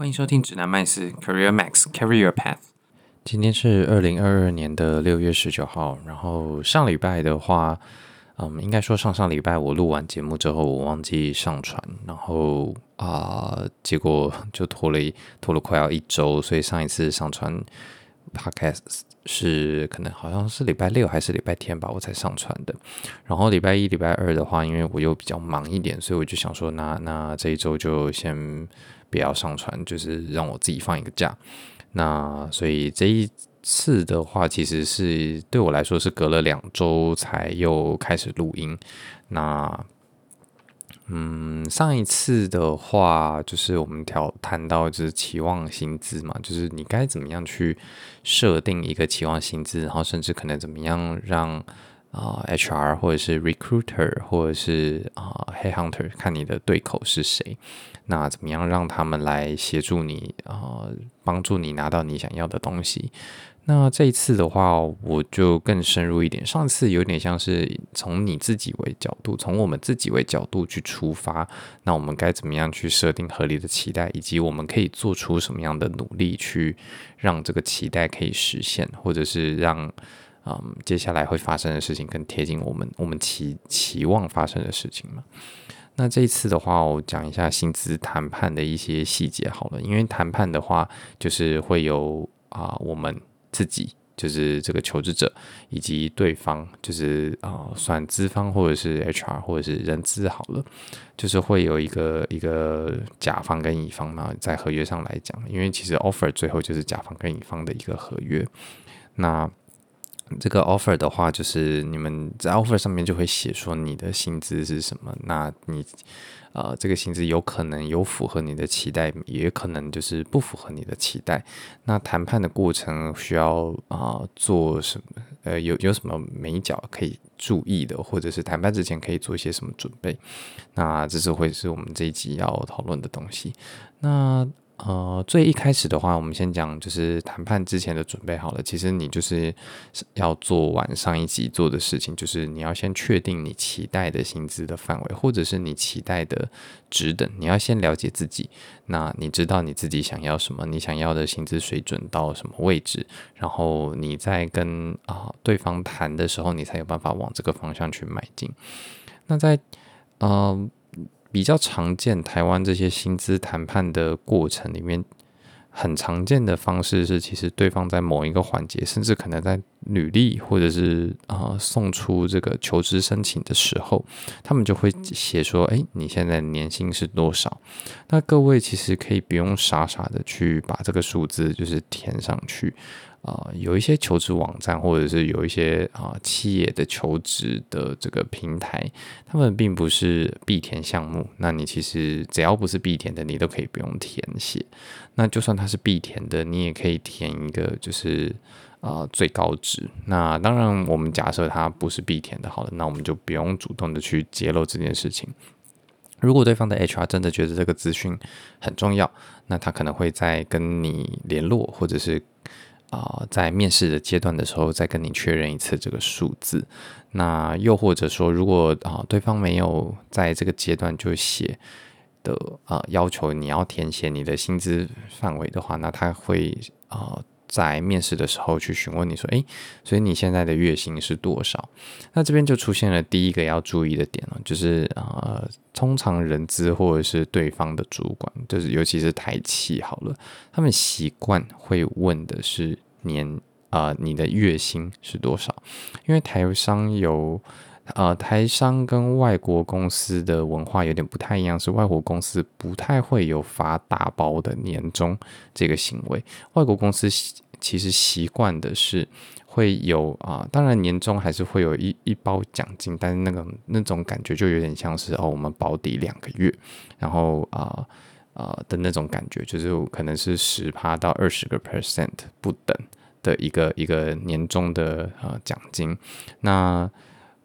歡迎收聽指南麥斯 Career Max Career Path。今天是二零二二年的六月十九號。然後上禮拜的話，嗯，應該說上上禮拜我錄完節目之後，我忘記上傳，然後啊、呃，結果就拖了一拖了快要一周，所以上一次上傳。Podcast 是可能好像是禮拜六還是禮拜天吧，我才上傳的。然後禮拜一、禮拜二的話，因為我又比較忙一點，所以我就想說那，那那這一周就先不要上傳，就是讓我自己放一個假。那所以這一次的話，其實是對我來說是隔了兩周才又開始錄音。那嗯，上一次的話，就是我們談談，談到就是期望薪資嘛，就是你該怎麼樣去設定一個期望薪資，然後甚至可能怎麼樣讓啊、呃、HR 或者是 recruiter 或者是啊、呃、headhunter 看你的對口是誰，那怎麼樣讓他們來協助你啊、呃，幫助你拿到你想要的東西。那這一次的話，我就更深入一點。上次有點像是從你自己為角度，從我們自己為角度去出發。那我們該怎麼樣去設定合理的期待，以及我們可以做出什麼樣的努力，去讓這個期待可以實現，或者是讓嗯接下來會發生的事情更貼近我們我們期期望發生的事情嘛？那這一次的話，我講一下薪資談判的一些細節好了。因為談判的話，就是會有啊、呃、我們。自己就是這個求職者，以及對方就是啊、呃，算資方或者是 HR 或者是人資好了，就是會有一個一個甲方跟乙方嘛，在合約上來講，因為其實 offer 最後就是甲方跟乙方的一個合約，那。這個 offer 的話，就是你們在 offer 上面就會寫說你的薪資是什麼。那你，呃，這個薪資有可能有符合你的期待，也可能就是不符合你的期待。那談判的過程需要啊、呃、做什麼？呃，有有什麼眉角可以注意的，或者是談判之前可以做一些什麼準備？那這是會是我們這一集要討論的東西。那呃，最一開始的話，我們先講就是談判之前的準備好了。其實你就是要做完上一集做的事情，就是你要先確定你期待的薪資的範圍，或者是你期待的值等。你要先了解自己，那你知道你自己想要什麼，你想要的薪資水準到什麼位置，然後你再跟啊、呃、對方談的時候，你才有辦法往這個方向去邁進。那在嗯。呃比較常見，台灣這些薪資談判的過程裡面，很常見的方式是，其實對方在某一個環節，甚至可能在履歷或者是啊、呃、送出這個求職申請的時候，他們就會寫說：“誒、欸，你現在年薪是多少？”那各位其實可以不用傻傻的去把這個數字就是填上去。啊、呃，有一些求職網站，或者是有一些啊、呃、企業的求職的這個平台，他們並不是必填項目。那你其實只要不是必填的，你都可以不用填寫。那就算它是必填的，你也可以填一個，就是啊、呃、最高值。那當然，我們假設它不是必填的，好了，那我們就不用主動的去揭露這件事情。如果對方的 HR 真的覺得這個資訊很重要，那他可能會再跟你聯絡，或者是。啊、呃，在面試的階段的時候，再跟你確認一次這個數字。那又或者說，如果啊、呃，對方沒有在這個階段就寫的啊、呃，要求你要填寫你的薪資範圍的話，那他會啊。呃在面試的時候去詢問你說，誒、欸，所以你現在的月薪是多少？那這邊就出現了第一個要注意的點了，就是呃，通常人資或者是對方的主管，就是尤其是台企好了，他們習慣會問的是年啊、呃，你的月薪是多少？因為台商有。呃，台商跟外國公司的文化有點不太一樣，是外國公司不太會有發大包的年終這個行為。外國公司其實習慣的是會有啊、呃，當然年終還是會有一一包獎金，但是那個那種感覺就有點像是哦，我們保底兩個月，然後啊啊、呃呃、的那種感覺，就是可能是十趴到二十個 percent 不等的一個一個年終的呃獎金，那。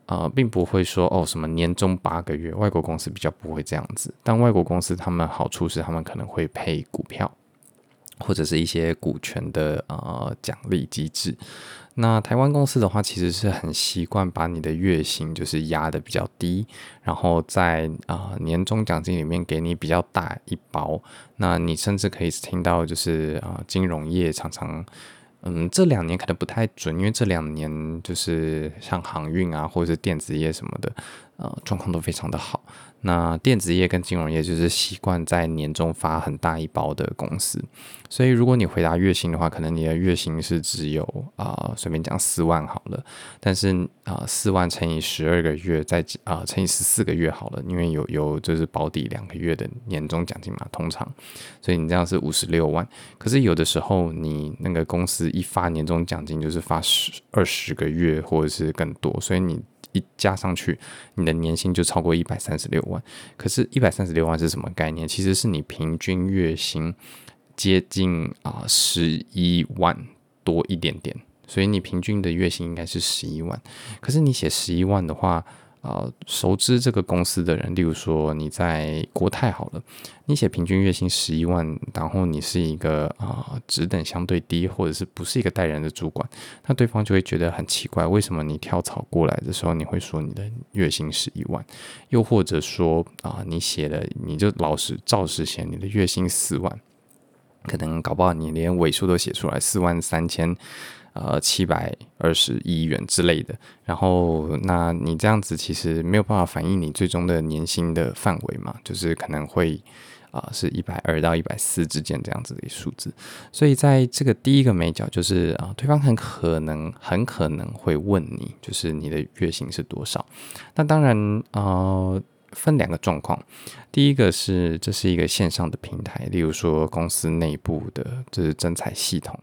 啊、呃，並不會說哦什麼年終八個月，外國公司比較不會這樣子。但外國公司他們好處是，他們可能會配股票，或者是一些股權的呃獎勵機制。那台灣公司的話，其實是很習慣把你的月薪就是壓得比較低，然後在啊、呃、年終獎金裡面給你比較大一包。那你甚至可以聽到，就是啊、呃、金融業常常。嗯，這兩年可能不太準，因為這兩年就是像航運啊，或者是電子業什麼的，呃，狀況都非常的好。那電子業跟金融業就是習慣在年終發很大一包的公司，所以如果你回答月薪的話，可能你的月薪是只有啊，呃、隨便講四萬好了，但是啊呃、四萬乘以十二個月再啊、呃、乘以十四個月好了，因為有有就是保底兩個月的年終獎金嘛，通常，所以你這樣是五十六萬。可是有的時候你那個公司一發年終獎金就是發十、二十個月或者是更多，所以你。一加上去，你的年薪就超過一百三十六萬。可是，一百三十六萬是什麼概念？其實是你平均月薪接近啊十一萬多一點點。所以，你平均的月薪應該是十一萬。可是，你寫十一萬的話。啊，熟知這個公司的人，例如說你在國泰好了，你寫平均月薪十一萬，然後你是一個啊職、呃、等相對低，或者是不是一個帶人的主管，那對方就會覺得很奇怪，為什麼你跳槽過來的時候，你會說你的月薪十一萬？又或者說啊、呃，你寫的你就老實照實寫，你的月薪四萬，可能搞不好你連尾數都寫出來四萬三千。呃，七百二十億元之類的。然後，那你這樣子其實沒有辦法反映你最終的年薪的範圍嘛。就是可能會啊、呃，是一百二到一百四之間這樣子的數字。所以，在這個第一個眉角，就是啊、呃，對方很可能很可能會問你，就是你的月薪是多少？那當然啊、呃，分兩個狀況。第一個是這是一個線上的平台，例如說公司內部的這、就是徵才系統。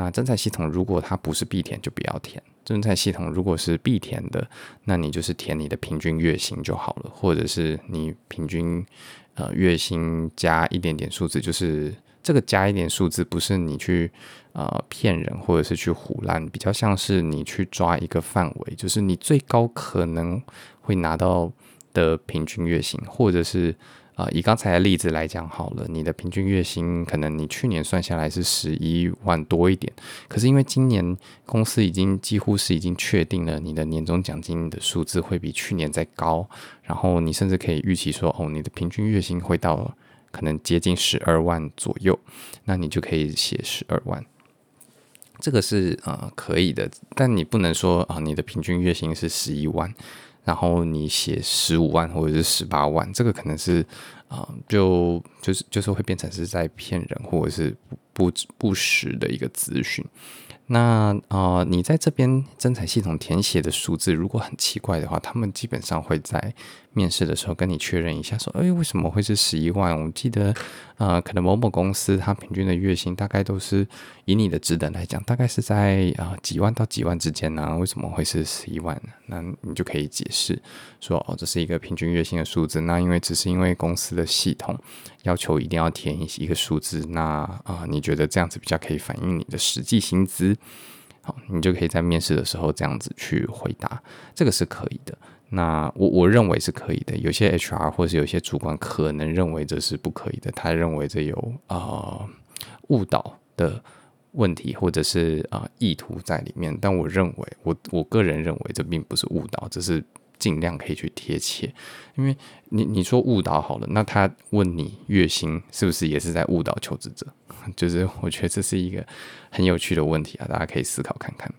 那徵才系統如果它不是必填，就不要填。徵才系統如果是必填的，那你就是填你的平均月薪就好了，或者是你平均呃月薪加一點點數字。就是這個加一點數字，不是你去呃騙人，或者是去唬爛，比較像是你去抓一個範圍，就是你最高可能會拿到的平均月薪，或者是。啊、呃，以剛才的例子來講好了，你的平均月薪可能你去年算下來是十一萬多一點，可是因為今年公司已經幾乎是已經確定了你的年終獎金的數字會比去年再高，然後你甚至可以預期說，哦，你的平均月薪會到可能接近十二萬左右，那你就可以寫十二萬，這個是呃可以的，但你不能說啊、呃，你的平均月薪是十一萬。然後你寫十五萬或者是十八萬，這個可能是啊、呃，就就是就是會變成是在騙人或者是不不、不實的一個資訊。那啊、呃，你在這邊徵才系統填寫的數字，如果很奇怪的話，他們基本上會在。面試的時候跟你確認一下，說：“哎，為什麼會是十一萬？我記得，啊、呃、可能某、某某公司它平均的月薪大概都是以你的職能來講，大概是在啊、呃、幾萬到幾萬之間呢、啊？為什麼會是十一萬？那你就可以解釋說：哦，這是一個平均月薪的數字。那因為只是因為公司的系統要求一定要填一一個數字，那啊、呃，你覺得這樣子比較可以反映你的實際薪資？好，你就可以在面試的時候這樣子去回答，這個是可以的。”那我我認為是可以的，有些 HR 或者有些主管可能認為這是不可以的，他認為這有啊呃誤導的問題，或者是啊、呃、意圖在裡面。但我認為，我我個人認為這並不是誤導，只是盡量可以去貼切。因為你你說誤導好了，那他問你月薪是不是也是在誤導求職者？就是我覺得這是一個很有趣的問題啊，大家可以思考看看。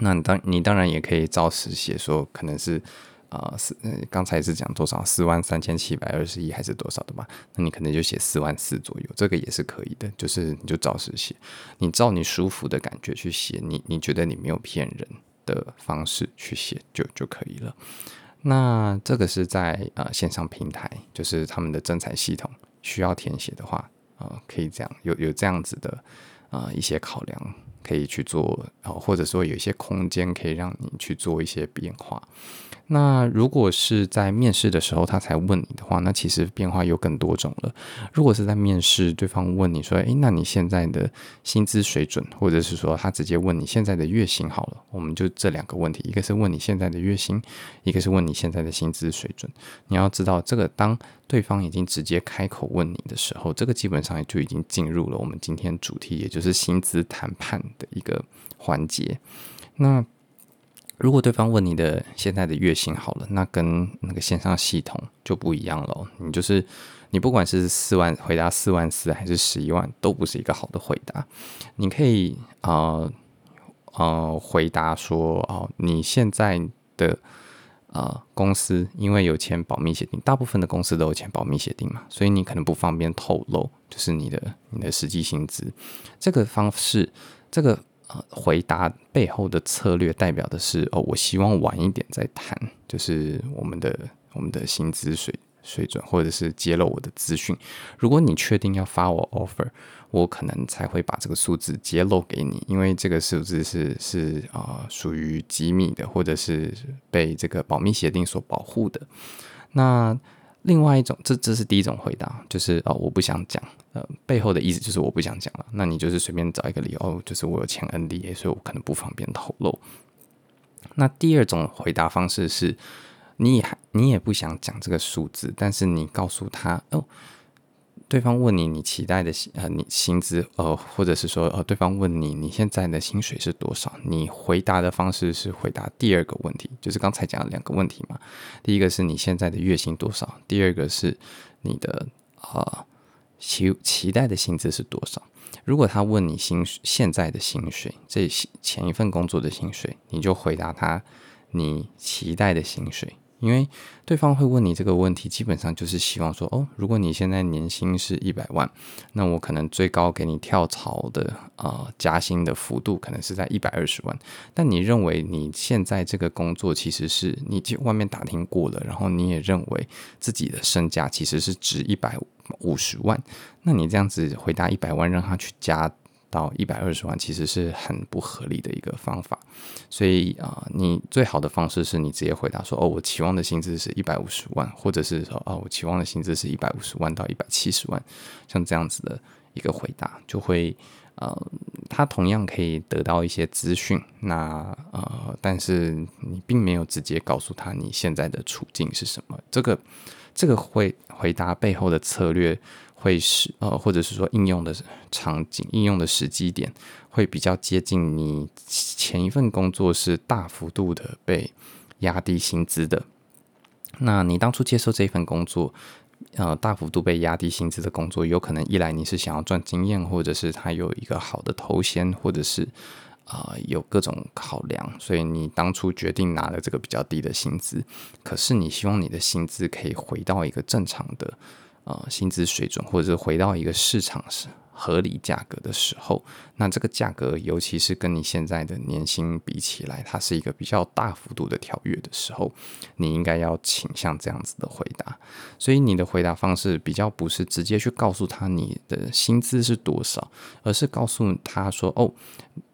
那你當，你當然也可以照實寫，說可能是啊，是、呃、剛才是講多少四萬三千七百二十一還是多少的嘛。那你可能就寫四萬四左右，這個也是可以的。就是你就照實寫，你照你舒服的感覺去寫，你你覺得你沒有騙人的方式去寫就就可以了。那這個是在啊、呃，線上平台，就是他們的徵才系統需要填寫的話，啊、呃，可以這樣有有這樣子的啊、呃、一些考量。可以去做，然後或者說有一些空間，可以讓你去做一些變化。那如果是在面試的時候他才問你的話，那其實變化又更多種了。如果是在面試，對方問你說：“誒，那你現在的薪資水準，或者是說他直接問你現在的月薪好了，我們就這兩個問題，一個是問你現在的月薪，一個是問你現在的薪資水準。你要知道，這個當對方已經直接開口問你的時候，這個基本上也就已經進入了我們今天主題，也就是薪資談判的一個環節。那。如果對方問你的現在的月薪好了，那跟那個線上系統就不一樣了哦。你就是你不管是四萬回答四萬四，還是十一萬，都不是一個好的回答。你可以啊呃、呃回答說哦、呃，你現在的啊、呃、公司因為有簽保密協定，大部分的公司都有簽保密協定嘛，所以你可能不方便透露，就是你的你的實際薪資。這個方式，這個。回答背後的策略代表的是哦，我希望晚一點再談，就是我們的我們的薪資水水準，或者是揭露我的資訊。如果你確定要發我 offer，我可能才會把這個數字揭露給你，因為這個數字是是啊，呃，屬於機密的，或者是被這個保密協定所保護的。那。另外一種，這這是第一種回答，就是哦，我不想講，呃，背後的意思就是我不想講了。那你就是隨便找一個理由，哦，就是我有簽 NDA，所以我可能不方便透露。那第二種回答方式是，你也你也不想講這個數字，但是你告訴他，哦。對方問你，你期待的呃，你薪資呃，或者是說呃，對方問你，你現在的薪水是多少？你回答的方式是回答第二個問題，就是剛才講的兩個問題嘛。第一個是你現在的月薪多少？第二個是你的啊，期、呃、期待的薪資是多少？如果他問你薪水、現在的薪水，這前一份工作的薪水，你就回答他你期待的薪水。因為對方會問你這個問題，基本上就是希望說，哦，如果你現在年薪是一百萬，那我可能最高給你跳槽的呃，加薪的幅度可能是在一百二十萬。但你認為你現在這個工作其實是你去外面打聽過了，然後你也認為自己的身價其實是值一百五十萬，那你這樣子回答一百萬，讓他去加。到一百二十萬其實是很不合理的一個方法，所以啊、呃，你最好的方式是你直接回答說：“哦，我期望的薪資是一百五十萬，或者是說哦，我期望的薪資是一百五十萬到一百七十萬，像這樣子的一個回答，就會呃，他同樣可以得到一些資訊，那呃，但是你並沒有直接告訴他你現在的處境是什麼，這個這個會回，回答背後的策略。”會是呃，或者是說應用的場景、應用的時機點會比較接近你前一份工作是大幅度的被壓低薪資的。那你當初接受這份工作，呃，大幅度被壓低薪資的工作，有可能一來你是想要賺經驗，或者是它有一個好的頭銜，或者是啊，呃，有各種考量，所以你當初決定拿了這個比較低的薪資。可是你希望你的薪資可以回到一個正常的。呃，薪資水準，或者是回到一個市場是合理價格的時候，那這個價格，尤其是跟你現在的年薪比起來，它是一個比較大幅度的跳躍的時候，你應該要傾向這樣子的回答。所以你的回答方式比較不是直接去告訴他你的薪資是多少，而是告訴他說：“哦，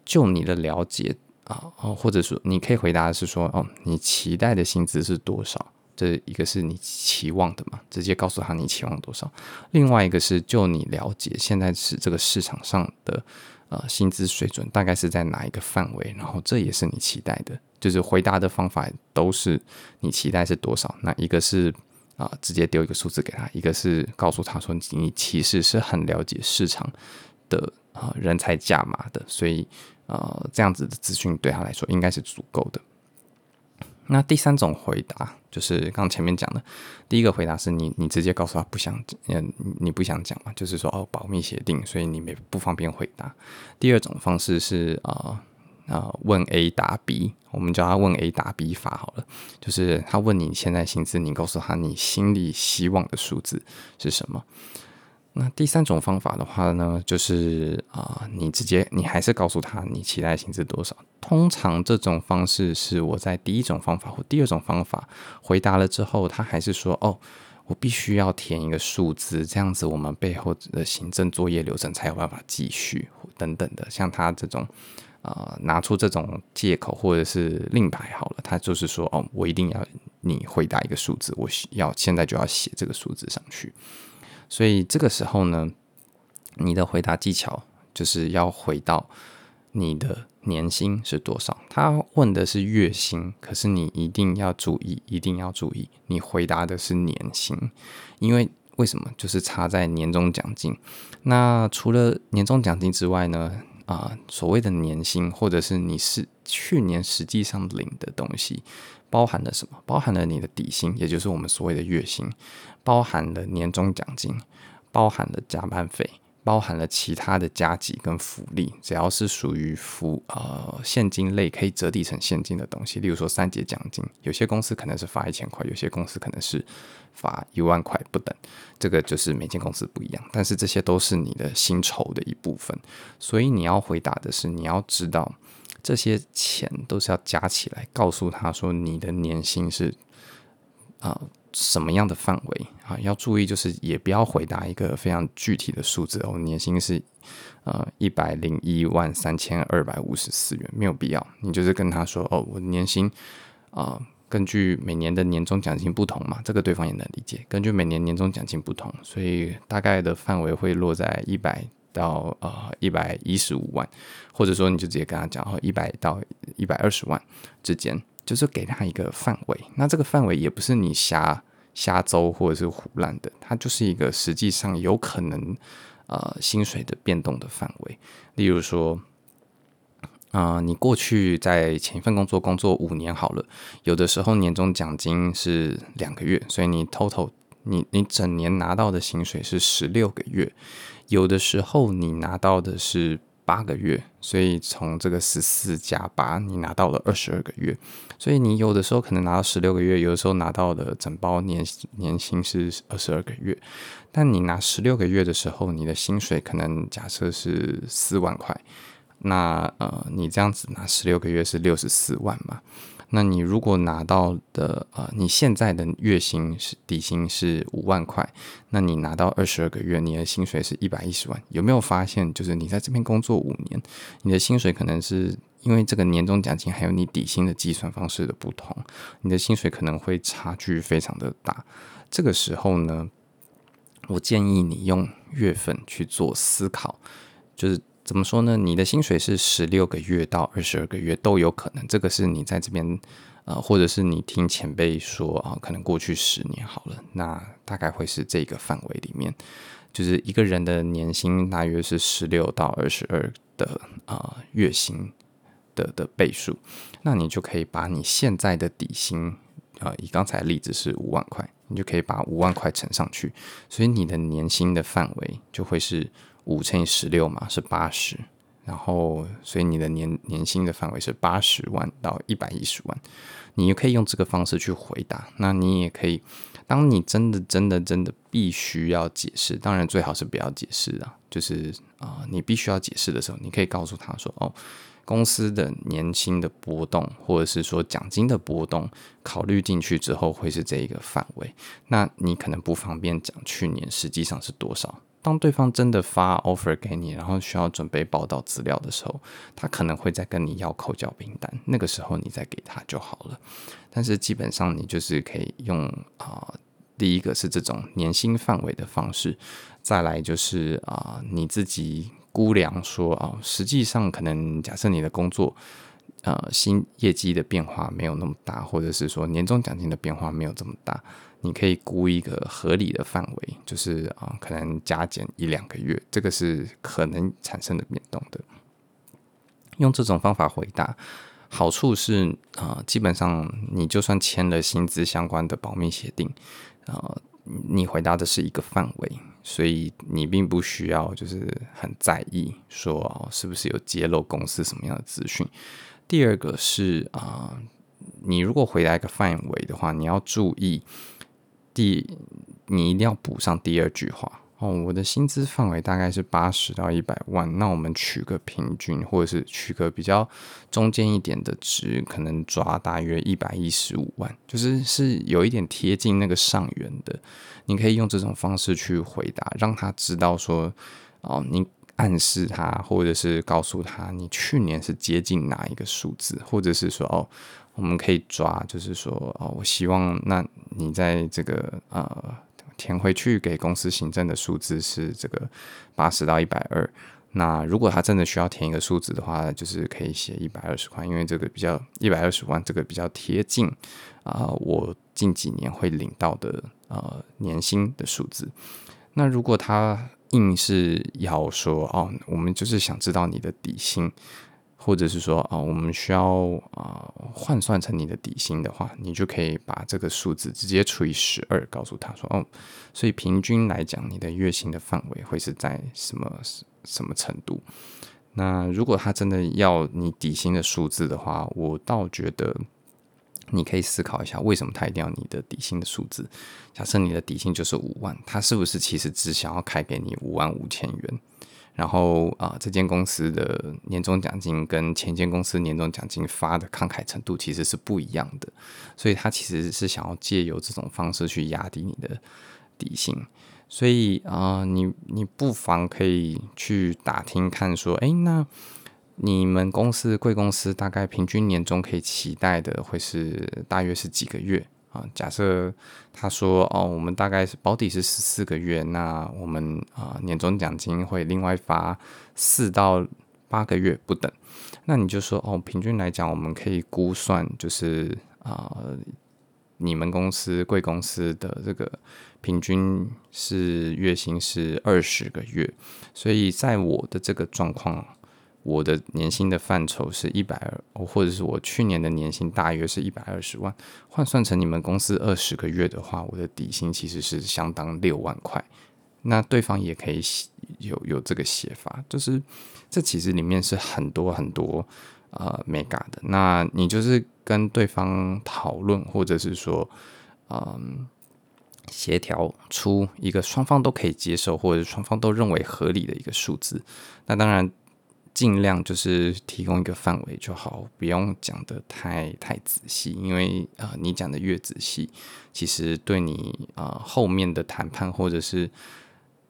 就你的了解啊，哦、呃，或者說你可以回答的是說：哦，你期待的薪資是多少。”這一個是你期望的嘛？直接告訴他你期望多少。另外一個是，就你了解現在是這個市場上的呃薪資水準大概是在哪一個範圍，然後這也是你期待的，就是回答的方法都是你期待是多少。那一個是啊、呃，直接丟一個數字給他；一個是告訴他說你其實是很了解市場的啊、呃、人才價碼的，所以呃這樣子的資訊對他來說應該是足夠的。那第三種回答就是剛剛前面講的，第一個回答是你你直接告訴他不想，呃，你不想講嘛，就是說哦，保密協定，所以你沒不方便回答。第二種方式是啊啊、呃呃、問 A 答 B，我們叫他問 A 答 B 法好了，就是他問你現在薪資，你告訴他你心裡希望的數字是什麼。那第三種方法的話呢，就是啊、呃，你直接你還是告訴他你期待薪資多少。通常這種方式是我在第一種方法或第二種方法回答了之後，他還是說哦，我必須要填一個數字，這樣子我們背後的行政作業流程才有辦法繼續等等的。像他這種啊、呃，拿出這種借口或者是令牌好了，他就是說哦，我一定要你回答一個數字，我需要現在就要寫這個數字上去。所以這個時候呢，你的回答技巧就是要回到你的年薪是多少？他問的是月薪，可是你一定要注意，一定要注意，你回答的是年薪，因為為什麼？就是差在年終獎金。那除了年終獎金之外呢？啊、呃，所謂的年薪，或者是你是去年實際上領的東西，包含了什麼？包含了你的底薪，也就是我們所謂的月薪，包含了年終獎金，包含了加班費。包含了其他的加給跟福利，只要是屬於付呃現金類，可以折抵成現金的東西，例如說三節獎金，有些公司可能是發一千塊，有些公司可能是發一萬塊不等，這個就是每間公司不一樣。但是這些都是你的薪酬的一部分，所以你要回答的是，你要知道這些錢都是要加起來，告訴他說你的年薪是啊。呃什麼樣的範圍啊？要注意，就是也不要回答一個非常具體的數字哦。我年薪是呃一百零一萬三千二百五十四元，沒有必要。你就是跟他說哦，我年薪啊、呃，根據每年的年終獎金不同嘛，這個對方也能理解。根據每年年終獎金不同，所以大概的範圍會落在一百到呃一百一十五萬，或者說你就直接跟他講哦，一百到一百二十萬之間，就是給他一個範圍。那這個範圍也不是你瞎。下周或者是唬爛的，它就是一個實際上有可能，呃，薪水的變動的範圍。例如說，啊、呃，你過去在前一份工作工作五年好了，有的時候年終獎金是兩個月，所以你 total 你你整年拿到的薪水是十六個月，有的時候你拿到的是八個月，所以從這個十四加八，你拿到了二十二個月。所以你有的時候可能拿到十六個月，有的時候拿到的整包年年薪，是二十二個月，但你拿十六個月的時候，你的薪水可能假設是四萬塊，那呃，你這樣子拿十六個月是六十四萬嘛。那你如果拿到的啊、呃，你現在的月薪是底薪是五萬塊，那你拿到二十二個月，你的薪水是一百一十萬。有沒有發現，就是你在這邊工作五年，你的薪水可能是？因為這個年終獎金還有你底薪的計算方式的不同，你的薪水可能會差距非常的大。這個時候呢，我建議你用月份去做思考，就是怎麼說呢？你的薪水是十六個月到二十二個月都有可能。這個是你在這邊啊、呃，或者是你聽前輩說啊、呃，可能過去十年好了，那大概會是這個範圍裡面，就是一個人的年薪大約是十六到二十二的啊、呃、月薪。的的倍數，那你就可以把你現在的底薪，呃，以剛才例子是五萬塊，你就可以把五萬塊乘上去，所以你的年薪的範圍就會是五乘以十六嘛，是八十，然後所以你的年年薪的範圍是八十萬到一百一十萬，你也可以用這個方式去回答。那你也可以，當你真的真的真的必須要解釋，當然最好是不要解釋啊，就是啊、呃，你必須要解釋的時候，你可以告訴他說，哦。公司的年薪的波動，或者是說獎金的波動，考慮進去之後會是這一個範圍。那你可能不方便講去年實際上是多少。當對方真的發 offer 給你，然後需要準備報到資料的時候，他可能會再跟你要扣繳憑單，那個時候你再給他就好了。但是基本上你就是可以用啊、呃，第一個是這種年薪範圍的方式，再來就是啊、呃、你自己。估量說啊、哦，實際上可能假設你的工作啊、呃、薪業績的變化沒有那麼大，或者是說年終獎金的變化沒有這麼大，你可以估一個合理的範圍，就是啊、呃，可能加減一兩個月，這個是可能產生的變動的。用這種方法回答，好處是啊、呃，基本上你就算簽了薪資相關的保密協定，啊、呃，你回答的是一個範圍。所以你並不需要就是很在意說是不是有揭露公司什麼樣的資訊。第二個是啊、呃，你如果回答一個範圍的話，你要注意第，你一定要補上第二句話。哦，我的薪資範圍大概是八十到一百萬，那我們取個平均，或者是取個比較中間一點的值，可能抓大約一百一十五萬，就是是有一點貼近那個上緣的。你可以用這種方式去回答，讓他知道說，哦，你暗示他，或者是告訴他，你去年是接近哪一個數字，或者是說，哦，我們可以抓，就是說，哦，我希望那你在這個呃，填回去給公司行政的數字是這個八十到一百二。那如果他真的需要填一個數字的話，就是可以寫一百二十萬，因為這個比較一百二十萬這個比較貼近啊、呃、我近幾年會領到的呃年薪的數字。那如果他硬是要說哦，我們就是想知道你的底薪。或者是說啊、哦，我們需要啊換、呃、算成你的底薪的話，你就可以把這個數字直接除以十二，告訴他說，哦，所以平均來講，你的月薪的範圍會是在什麼什麼程度？那如果他真的要你底薪的數字的話，我倒覺得你可以思考一下，為什麼他一定要你的底薪的數字？假設你的底薪就是五萬，他是不是其實只想要開給你五萬五千元？然後啊、呃，這間公司的年終獎金跟前間公司年終獎金發的慷慨程度其實是不一樣的，所以他其實是想要借由這種方式去壓低你的底薪。所以啊、呃，你你不妨可以去打聽看說，哎，那你們公司貴公司大概平均年終可以期待的會是大約是幾個月？啊，假設他說哦，我們大概是保底是十四個月，那我們啊、呃、年終獎金會另外發四到八個月不等，那你就說哦，平均來講，我們可以估算就是啊、呃，你們公司貴公司的這個平均是月薪是二十個月，所以在我的這個狀況。我的年薪的範疇是一百二，或者是我去年的年薪大約是一百二十萬，換算成你們公司二十個月的話，我的底薪其實是相當六萬塊。那對方也可以有有這個寫法，就是這其實裡面是很多很多呃眉角的。那你就是跟對方討論，或者是說嗯協調出一個雙方都可以接受，或者是雙方都認為合理的一個數字。那當然。盡量就是提供一個範圍就好，不用講得太太仔細，因為呃，你講得越仔細，其實對你呃後面的談判或者是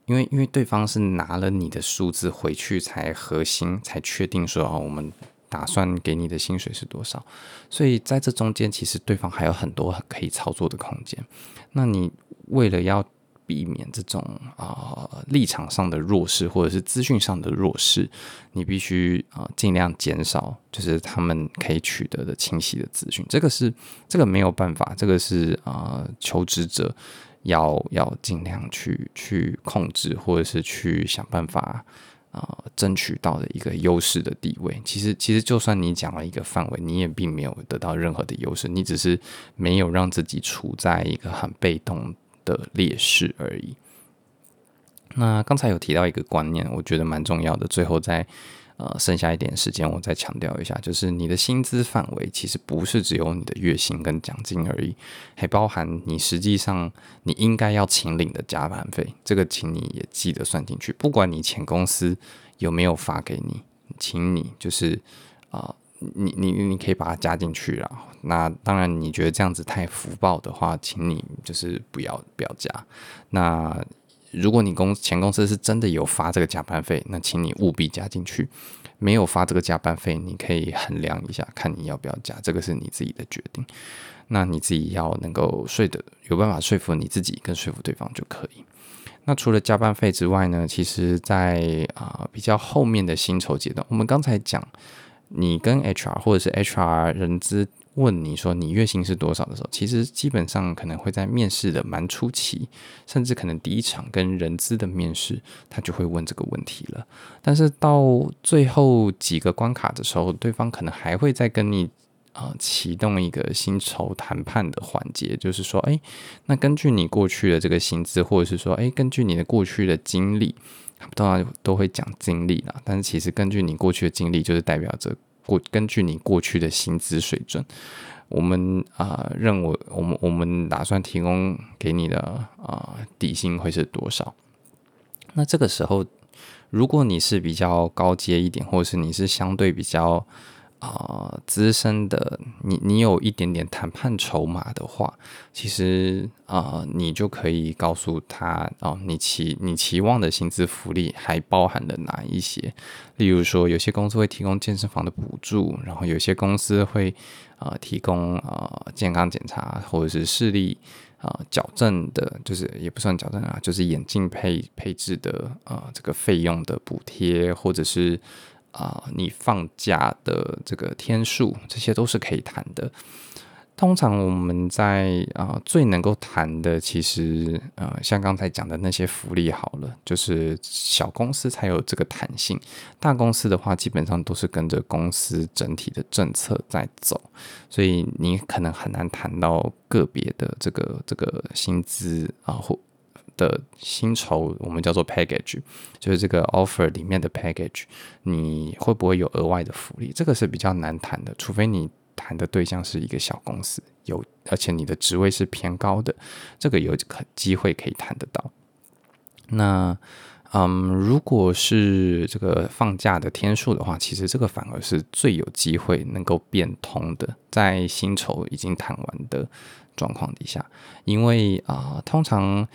因為因為對方是拿了你的數字回去才核心才確定說哦，我們打算給你的薪水是多少，所以在這中間其實對方還有很多可以操作的空間。那你為了要。避免這種啊、呃、立場上的弱勢或者是資訊上的弱勢，你必須啊盡量減少，就是他們可以取得的清晰的資訊。這個是這個沒有辦法，這個是啊、呃、求職者要要盡量去去控制或者是去想辦法啊、呃、爭取到的一個優勢的地位。其實其實就算你講了一個範圍，你也並沒有得到任何的優勢，你只是沒有讓自己處在一個很被動的。的劣勢而已。那剛才有提到一個觀念，我覺得蠻重要的。最後再呃剩下一點時間，我再強調一下，就是你的薪資範圍其實不是只有你的月薪跟獎金而已，還包含你實際上你應該要請領的加班費。這個請你也記得算進去，不管你前公司有沒有發給你，請你就是啊。呃你你你可以把它加進去了。那當然，你覺得這樣子太浮報的話，請你就是不要不要加。那如果你公前公司是真的有發這個加班費，那請你務必加進去。沒有發這個加班費，你可以衡量一下，看你要不要加，這個是你自己的決定。那你自己要能夠說的有辦法說服你自己跟說服對方就可以。那除了加班費之外呢，其實在，在、呃、啊比較後面的薪酬階段，我們剛才講。你跟 HR 或者是 HR 人資問你說你月薪是多少的時候，其實基本上可能會在面試的蠻初期，甚至可能第一場跟人資的面試，他就會問這個問題了。但是到最後幾個關卡的時候，對方可能還會再跟你啊、呃、啟動一個薪酬談判的環節，就是說，誒，那根據你過去的這個薪資，或者是說，誒，根據你的過去的經歷。當然都會講經歷啦，但是其實根據你過去的經歷，就是代表着過根據你過去的薪資水準，我們啊、呃、認為我們我們打算提供給你的啊、呃、底薪會是多少？那這個時候，如果你是比較高階一點，或者是你是相對比較。啊、呃，資深的，你你有一點點談判籌碼的話，其實啊、呃，你就可以告訴他哦、呃，你期你期望的薪資福利還包含了哪一些？例如說，有些公司會提供健身房的補助，然後有些公司會啊、呃、提供啊、呃、健康檢查或者是視力啊、呃、矯正的，就是也不算矯正啊，就是眼鏡配配置的啊、呃、這個費用的補貼，或者是。啊、呃，你放假的這個天數，這些都是可以談的。通常我們在啊、呃、最能夠談的，其實呃像剛才講的那些福利好了，就是小公司才有這個彈性。大公司的話，基本上都是跟着公司整體的政策在走，所以你可能很難談到個別的這個這個薪資啊、呃、或。的薪酬我們叫做 package，就是這個 offer 裡面的 package，你會不會有額外的福利？這個是比較難談的，除非你談的對象是一個小公司，有而且你的職位是偏高的，這個有可機會可以談得到。那嗯、um，如果是這個放假的天數的話，其實這個反而是最有機會能夠變通的，在薪酬已經談完的狀況底下，因為啊、呃，通常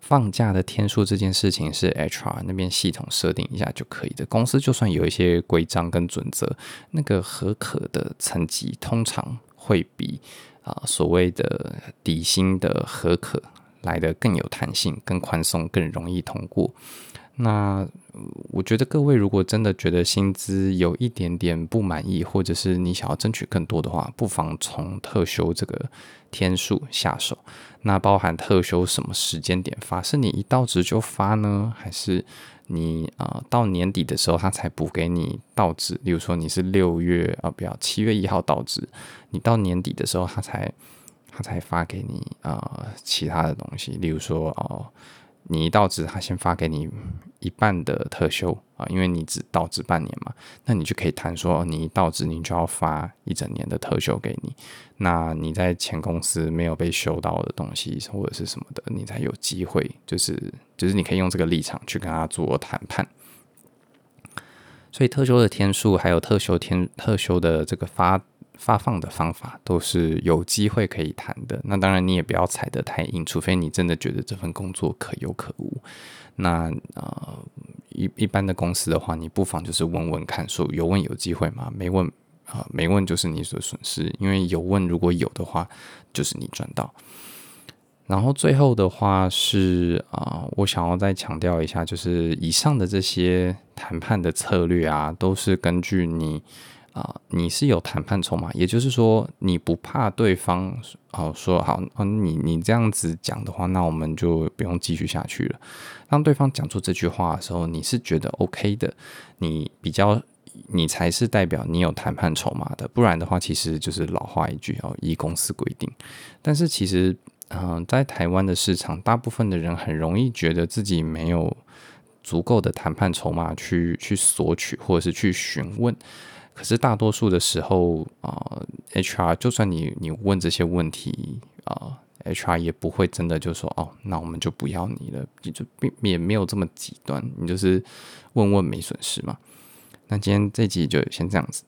放假的天數這件事情是 HR 那邊系統設定一下就可以的。公司就算有一些規章跟準則，那個合可的層級通常會比啊、呃、所謂的底薪的合可來得更有彈性、更寬鬆、更容易通過。那我覺得各位如果真的覺得薪資有一點點不滿意，或者是你想要爭取更多的話，不妨從特休這個天數下手。那包含特休什麼時間點發？是你一到職就發呢，還是你啊、呃、到年底的時候他才補給你到職？例如說你是六月啊、哦，不要七月一號到職，你到年底的時候他才他才發給你啊、呃、其他的東西，例如說哦。你一到職，他先發給你一半的特休啊，因為你只到職半年嘛，那你就可以談說，你一到職，你就要發一整年的特休給你。那你在前公司沒有被休到的東西或者是什麼的，你才有機會，就是就是你可以用這個立場去跟他做談判。所以特休的天數，還有特休天特休的這個發。發放的方法都是有機會可以談的，那當然你也不要踩得太硬，除非你真的覺得這份工作可有可無。那呃，一一般的公司的話，你不妨就是問問看，說有問有機會嗎？沒問啊、呃，沒問就是你所損失，因為有問如果有的話，就是你賺到。然後最後的話是啊、呃，我想要再強調一下，就是以上的這些談判的策略啊，都是根據你。啊、呃，你是有談判籌碼，也就是說，你不怕對方哦說好，你你這樣子講的話，那我們就不用繼續下去了。當對方講出這句話的時候，你是覺得 OK 的，你比較，你才是代表你有談判籌碼的，不然的話，其實就是老話一句哦，依公司規定。但是其實，嗯、呃，在台灣的市場，大部分的人很容易覺得自己沒有足夠的談判籌碼去去索取，或者是去詢問。可是大多數的時候啊，呃，HR 就算你你問這些問題啊，呃，HR 也不會真的就說哦，那我們就不要你了，也就並也沒有這麼極端。你就是問問沒損失嘛。那今天這集就先這樣子。